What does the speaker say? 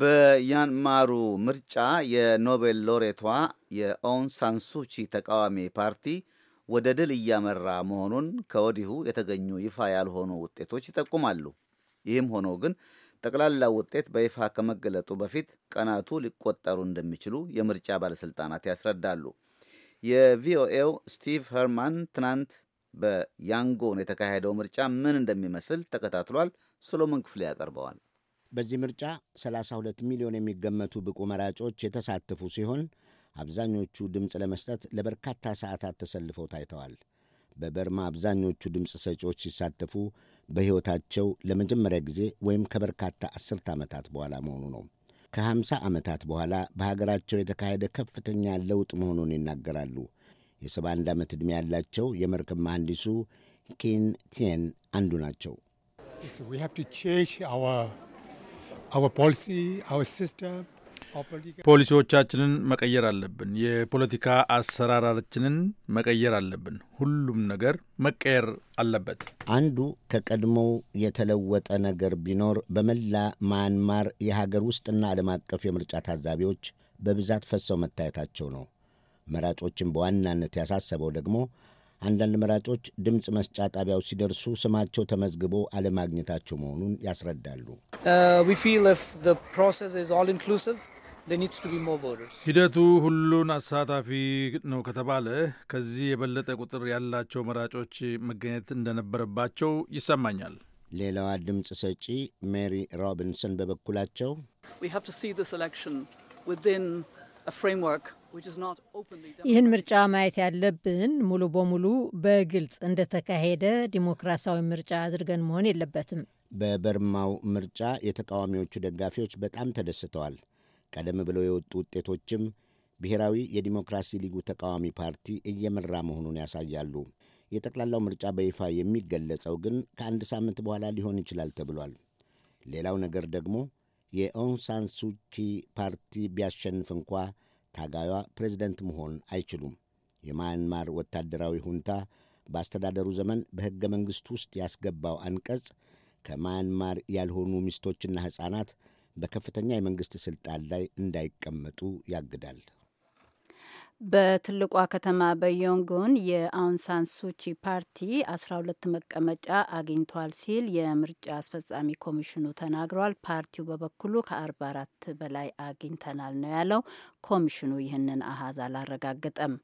በያንማሩ ምርጫ የኖቤል ሎሬቷ የኦን ሳንሱቺ ተቃዋሚ ፓርቲ ወደ ድል እያመራ መሆኑን ከወዲሁ የተገኙ ይፋ ያልሆኑ ውጤቶች ይጠቁማሉ። ይህም ሆኖ ግን ጠቅላላው ውጤት በይፋ ከመገለጡ በፊት ቀናቱ ሊቆጠሩ እንደሚችሉ የምርጫ ባለሥልጣናት ያስረዳሉ። የቪኦኤው ስቲቭ ሄርማን ትናንት በያንጎን የተካሄደው ምርጫ ምን እንደሚመስል ተከታትሏል። ሶሎሞን ክፍሌ ያቀርበዋል። በዚህ ምርጫ 32 ሚሊዮን የሚገመቱ ብቁ መራጮች የተሳተፉ ሲሆን አብዛኞቹ ድምፅ ለመስጠት ለበርካታ ሰዓታት ተሰልፈው ታይተዋል። በበርማ አብዛኞቹ ድምፅ ሰጪዎች ሲሳተፉ በሕይወታቸው ለመጀመሪያ ጊዜ ወይም ከበርካታ አስርት ዓመታት በኋላ መሆኑ ነው። ከ50 ዓመታት በኋላ በሀገራቸው የተካሄደ ከፍተኛ ለውጥ መሆኑን ይናገራሉ። የ71 ዓመት ዕድሜ ያላቸው የመርከብ መሐንዲሱ ኪን ቲየን አንዱ ናቸው። ፖሊሲዎቻችንን መቀየር አለብን። የፖለቲካ አሰራራችንን መቀየር አለብን። ሁሉም ነገር መቀየር አለበት። አንዱ ከቀድሞው የተለወጠ ነገር ቢኖር በመላ ማያንማር የሀገር ውስጥና ዓለም አቀፍ የምርጫ ታዛቢዎች በብዛት ፈሰው መታየታቸው ነው። መራጮችን በዋናነት ያሳሰበው ደግሞ አንዳንድ መራጮች ድምፅ መስጫ ጣቢያው ሲደርሱ ስማቸው ተመዝግቦ አለማግኘታቸው መሆኑን ያስረዳሉ። uh, ሂደቱ ሁሉን አሳታፊ ነው ከተባለ ከዚህ የበለጠ ቁጥር ያላቸው መራጮች መገኘት እንደነበረባቸው ይሰማኛል። ሌላዋ ድምፅ ሰጪ ሜሪ ሮቢንሰን በበኩላቸው ይህን ምርጫ ማየት ያለብን ሙሉ በሙሉ በግልጽ እንደተካሄደ ዲሞክራሲያዊ ምርጫ አድርገን መሆን የለበትም። በበርማው ምርጫ የተቃዋሚዎቹ ደጋፊዎች በጣም ተደስተዋል። ቀደም ብለው የወጡ ውጤቶችም ብሔራዊ የዲሞክራሲ ሊጉ ተቃዋሚ ፓርቲ እየመራ መሆኑን ያሳያሉ። የጠቅላላው ምርጫ በይፋ የሚገለጸው ግን ከአንድ ሳምንት በኋላ ሊሆን ይችላል ተብሏል። ሌላው ነገር ደግሞ የኦንሳን ሱቺ ፓርቲ ቢያሸንፍ እንኳ ታጋዩዋ ፕሬዝደንት መሆን አይችሉም። የማያንማር ወታደራዊ ሁንታ በአስተዳደሩ ዘመን በሕገ መንግሥት ውስጥ ያስገባው አንቀጽ ከማያንማር ያልሆኑ ሚስቶችና ሕፃናት በከፍተኛ የመንግሥት ሥልጣን ላይ እንዳይቀመጡ ያግዳል። በትልቋ ከተማ በዮንጎን የአውንሳን ሱቺ ፓርቲ 12 መቀመጫ አግኝቷል ሲል የምርጫ አስፈጻሚ ኮሚሽኑ ተናግሯል። ፓርቲው በበኩሉ ከ44 በላይ አግኝተናል ነው ያለው። ኮሚሽኑ ይህንን አሀዝ አላረጋገጠም።